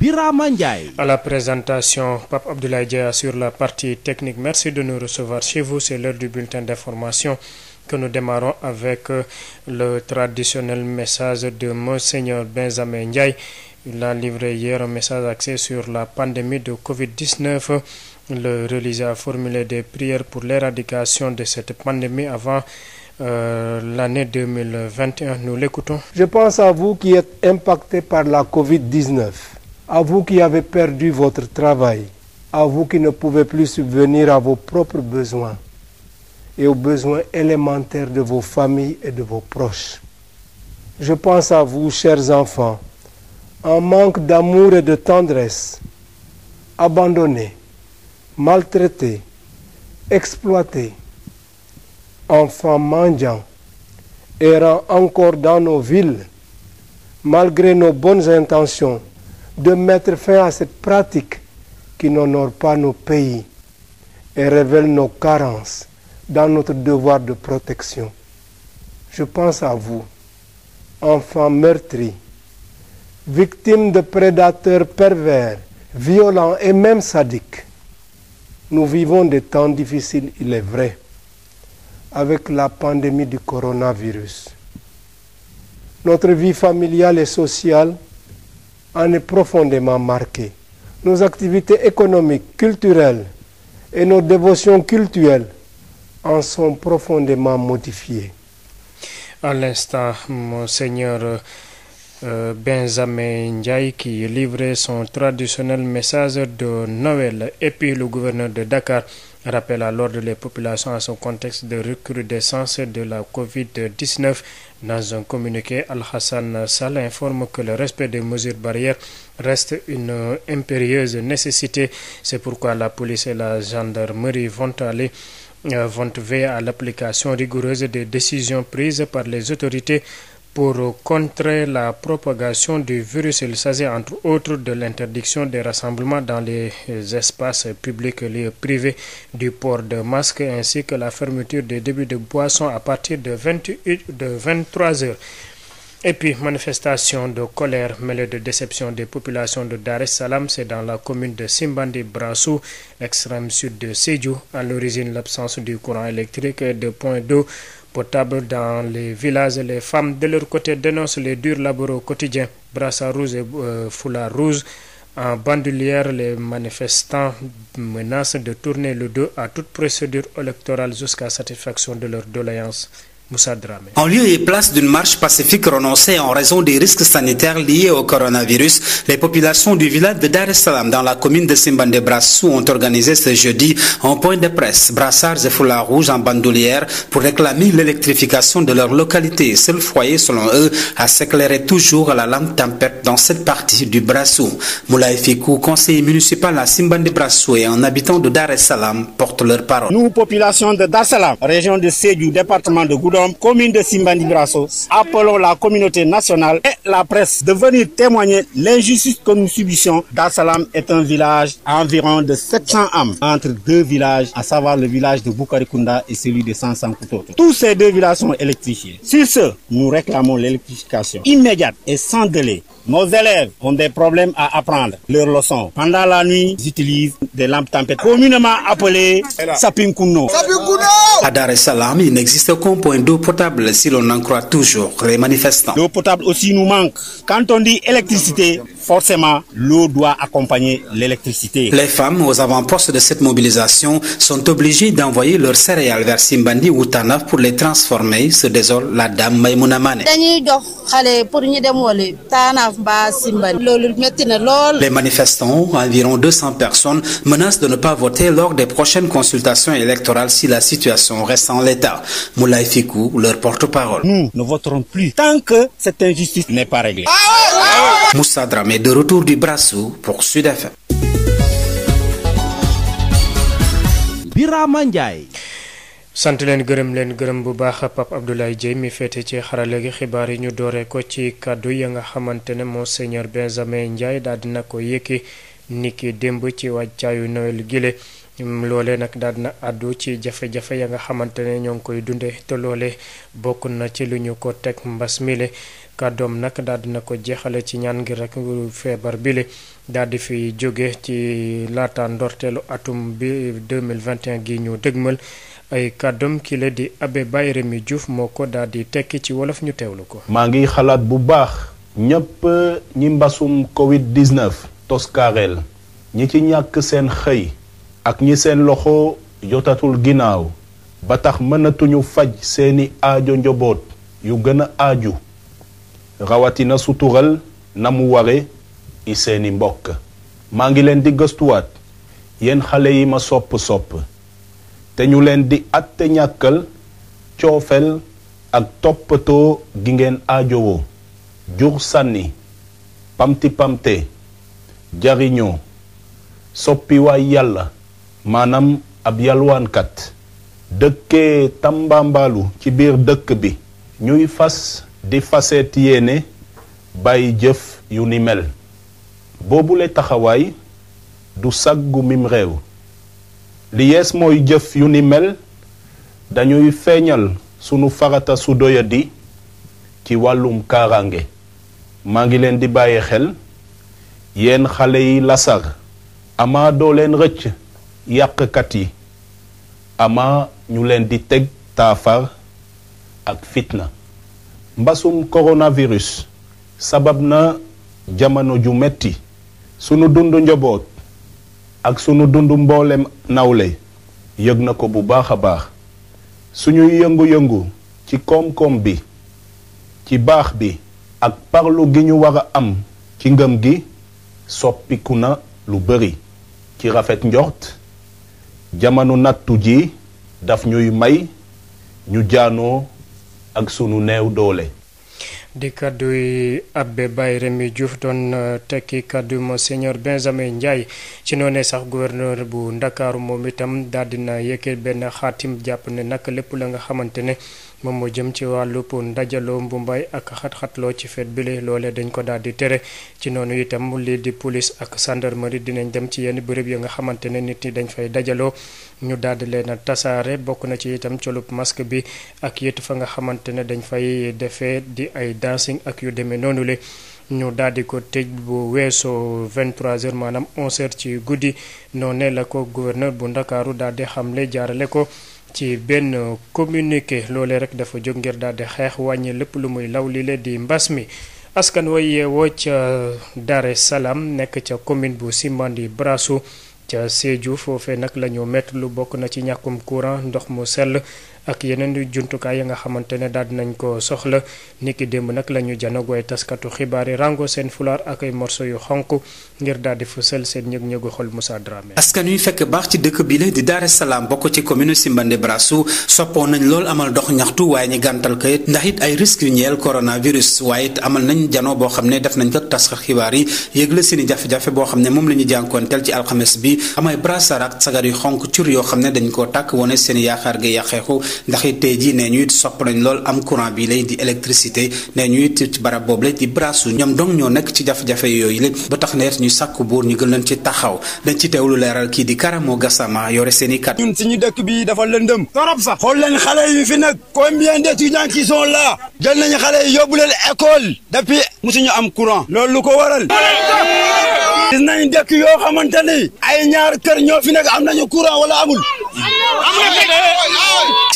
Birama Ndiaye. À la présentation, Pape sur la partie technique. Merci de nous recevoir chez vous. C'est l'heure du bulletin d'information que nous démarrons avec euh, le message de Monseigneur Benjamin Ndiaye. Il a livré message axé sur la pandémie de Covid-19. Le religieux a formulé des prières pour l'éradication de cette pandémie avant euh, l'année 2021. Nous l'écoutons. Je pense à vous la covid à vous qui avez perdu votre travail, à vous qui ne pouvez plus subvenir à vos propres besoins et aux besoins élémentaires de vos familles et de vos proches. Je pense à vous, chers enfants, en manque d'amour et de tendresse, abandonnés, maltraités, exploités, enfants mendiants, errant encore dans nos villes, malgré nos bonnes intentions de mettre fin à cette pratique qui n'honore pas nos pays et révèle nos carences dans notre devoir de protection. Je pense à vous, enfants meurtris, victimes de prédateurs pervers, violents et même sadiques. Nous vivons des temps difficiles, il est vrai, avec la pandémie du coronavirus. Notre vie familiale et sociale en est profondément marquée. Nos activités économiques, culturelles et nos dévotions cultuelles en sont profondément modifiées. À l'instant, Monseigneur euh, Benjamin Ndiaye qui livrait son traditionnel message de Noël et puis le de Dakar rappelle à l'ordre les populations à son contexte de recrudescence de la COVID-19 Dans un communiqué, Al-Hassan Sall informe que le respect des mesures barrières reste une impérieuse nécessité. C'est pourquoi la police et la gendarmerie vont aller euh, vont veiller à l'application rigoureuse des décisions prises par les autorités pour contrer la propagation du virus. Il s'agit entre autres de l'interdiction des rassemblements dans les euh, espaces publics et privés, du port de masques ainsi que la fermeture des débits de boissons à partir de 21, de 23 heures. Et puis, manifestation de colère mêlée de déception des populations de Dar es Salaam, c'est dans la commune de Simbandi Brassou, l'extrême sud de Sédhiou, à l'origine l'absence du de potable dans les villages. Les femmes, de leur côté, dénoncent les durs labeurs quotidiens, brassards rouges et euh, foulards rouges. En bandoulière, les manifestants menacent de tourner le dos à toute procédure électorale jusqu'à satisfaction de leurs doléances. Moussa Dramé. En lieu et place d'une marche pacifique renoncée en raison des risques sanitaires liés au coronavirus, les populations du village de Dar es Salaam dans la commune de Simbandi Brassou ont organisé ce jeudi un point de presse, brassards et foulards rouges en bandoulière pour réclamer l'électrification de leur localité, seul foyer selon eux à s'éclairer toujours à la lampe tempête dans cette partie du Brassou. Moulay conseiller Matam-Guélom, commune de Simbandi-Brasso, appelons la communauté nationale et la presse de venir témoigner l'injustice que nous subissons. Dar Salam est un village à environ de 700 entre deux villages, à savoir le village de Boukarikunda et celui de Sansankuto. Tous ces deux villages sont électrifiés. Sur ce, nous réclamons l'électrification immédiate et sans délai. Nos élèves ont des problèmes à apprendre leurs leçons. Pendant la nuit, ils des lampes tempêtes, d'eau potable si l'on en croit toujours les manifestants. L'eau potable aussi nous manque. Quand on dit électricité, Forcément, l'eau doit accompagner l'électricité. Les femmes aux avant-postes de cette mobilisation sont obligées d'envoyer leurs céréales vers Simbandi ou Tanaf pour les transformer, se désole la dame Maïmouna Mané. Les manifestants, environ 200 personnes, menacent de ne pas voter lors des prochaines consultations électorales si la situation reste en l'état. Moulay Fikou, leur porte-parole. Nous ne voterons plus tant que cette injustice n'est pas réglée. Ah Moussa Dramé de retour du sant leen gërëm leen gërëm bu baax Pape Abdoulaye Dieye mi féete ci xarala gi xibaar yi ñu doore ko ci kàddu ya nga xamante ne monseigneur Benjamin Ndiaye daal dina ko yëkki niki démb ci wàccaayu Noël gile loole nag daal na àddu ci jafe-jafe ya nga xamante ne ñoo ngi koy dunde te loole bokk na ci lu ñu ko teg mbas mile kàddoom nag daal dina ko jeexale ci ñaan ngir rek feebar bile daal di fi jóge ci laata ndorteelu atum bi 2021 gi ñu dëgmal ay kàddoom kile di abe Baye Rémy Diouf moo ko daal di tekki ci wolof ñu teewlu ko. maa ngi xalaat bu baax ñëpp ñi mbasum Covid 19 toskareel ñi ci ñàkk seen xëy ak ñi seen loxo jotatul ginnaaw ba tax mënatuñu faj seeni aajo njoboot yu gën aaju. rawatina sutural na mu ware i seeni mbokk maa ngi leen di gëstuwaat yéen xale yi ma sopp-sopp te ñu leen di atte ñàkkal coofel ak toppatoo gi ngeen aajowoo jur sànni pamti pamte jariñoo soppiwaay yàlla maanaam ab yalwaankat dëkkee tambaambaalu ci biir dëkk bi ñuy fas di faseet yéene bàyyi jëf yu ni mel boobule taxawaay du saggu mim réew li yees mooy jëf yu ni mel dañuy feeñal sunu farata su doyadi ci wàllum kaaraange maa ngi leen di bàyyi xel yéen xale yi lasar amaa doo leen rëcc yàqkat yi amaa ñu leen di teg taafar ak fitna mbasum coronavirus sabab na jamono ju metti sunu dund njaboot ak sunu dund mboolem nawle yëg na ko bu baax a baax suñuy yëngu-yëngu ci koom-koom bi ci baax bi ak parlu gi ñu war a am ci ngëm gi soppiku na lu bari ci rafet njort jamono nattu ji daf ñuy may ñu jaanoo ak sunu neew doole. di kaddu yi Abbé Baye doon uh, tekki kaddu Monseigneur Benjamin Ndiaye ci noonee sax gouverneur bu ndakaaru moom itam daal dina yëkkee benn xaatim jàpp ne nag lépp la nga xamante moom moo jëm ci wàllu pour ndajaloo mbumbaay ak xat-xatloo ci feet bile loole dañ ko daal di tere ci noonu itam lii di police ak gendarmerie dinañ dem ci yenn béréb yi nga xamante ne nit ñi dañ fay dajaloo ñu daal di leen a tasaare bokk na ci itam colub masque bi ak yëtu fa nga xamante ne dañ fay defee di ay dancing ak yu demee noonu le ñu daal di ko tëj bu weesoo 23h maanaam 11h ci guddi noonee la ko gouverneur bu ndakaaru daal di xamle jaarale ko. ci benn communiqué loole rek dafa jóg ngir daal di xeex wàññi lépp lu muy law li leen di mbas mi. askan wa yeewoo ca Daare Salaam nekk ca commune bu Simbandi Brassou ca Sédhiou foofee nag la ñu métti lu bokk na ci ñàkkum courant ndox mu sell. ak yeneen jumtukaay ya nga xamante ne daal dinañ ko soxla niki démb nag la ñu janagooy taskatu xibaar yi rango seen fulaar ak ay morso yu xonk ngir daal di fësal seen ñëg-ñëgu xol Moussa Dramé. askan wi fekk baax ci dëkk bi la di Daara Salaam bokk ci commune Simbandi Brassou soppoon nañ lool amal dox ñaxtu waaye ñu gàntal ko ndax it ay risques yu ñeel coronavirus waaye it amal nañ janoo boo xam ne def nañ ko ak taskat xibaar yi yëgle seen i jafe-jafe xam ne moom la ñu jànkoonteel ci alxames bi amay brassard ak yu xonk cur yoo xam ne dañ koo tàkk wone seen yaakaar gi yàqeeku ndax it tey jii nee ñu it sopp nañ lool am courant bi lay di électricité nee ñu it ci barab boobu lay di brasu ñoom dong ñoo nekk ci jafe-jafe yooyu lépp ba tax na it ñu sàkku buur ñu gën leen ci taxaw dañ ci lu leeral kii di Karamo Gassama yore seen i kat. ñun suñu dëkk bi dafa lëndëm. torop sax xool leen xale yi fi nag. combien d'étudiants qui sont là. jël nañu xale yi yóbbu leen école. depuis musuñu am courant. loolu lu ko waral. gis nañ dëkk yoo xamante ni ay ñaar kër ñoo fi nekk am nañu courant wala amul ci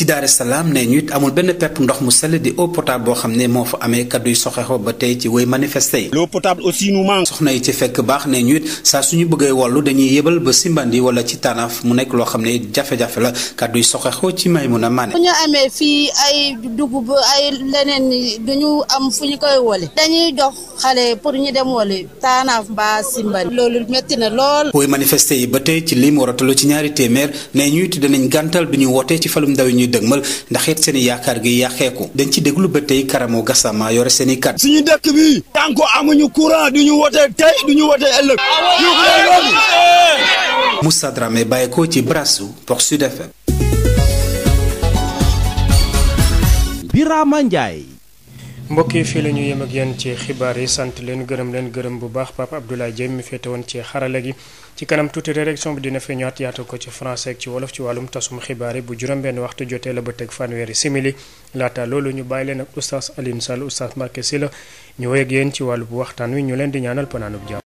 Daara Salaam ne ñu it amul benn pepp ndox mu sell di eau potable boo xam ne moo fa amee kaddu yu soxeexoo ba tey ci way manifester yi. l'eau potable aussi nous manque. yi ci fekk baax ne ñu it saa suñu bëggee wollu dañuy yëbal ba simbandi wala ci tànnaaf mu nekk loo xam ne jafe-jafe la kaddu yu soxeexoo ci may mun a maane. bu ñu amee fii ay dugub ay leneen duñu am fu ñu koy wole. dañuy dox xale pour ñu dem wole tànnaaf mbaa simbandi. loolu métti na lool. way manifester yi ba tey ci lim war a ci ñaari téeméer ne ñu ñuy te danañ gàntal bi ñuy wootee ci falum ndaw yi ñuy dëgmal ndax it seen yaakaar gi yàqeeku dañ ci déglu ba tey Karamo Gassama yore seeni i kat suñu dëkk bi tànko amuñu courant duñu wootee tey duñu wootee ëllëg Moussa Dramé bàyyi ko ci Brassou pour Sud FM mbokk yi fii la ñu yem ak yéen ci xibaar yi sant leen gërëm leen gërëm bu baax Papa Abdoulaye Dieng mi féete woon ci xarala gi ci kanam tuuti rédaction bi dina fi ñëwaat ko ci français ak ci wolof ci wàllum tasum xibaar yi bu juróom-benn waxtu jotee la ba teg fanweeri simili laata loolu ñu bàyyi leen ak oustaz Alioune Sall oustaz Mbacké Sylla ñu wéy ak ci wàllu bu waxtaan wi ñu leen di ñaanal panaanub jàmm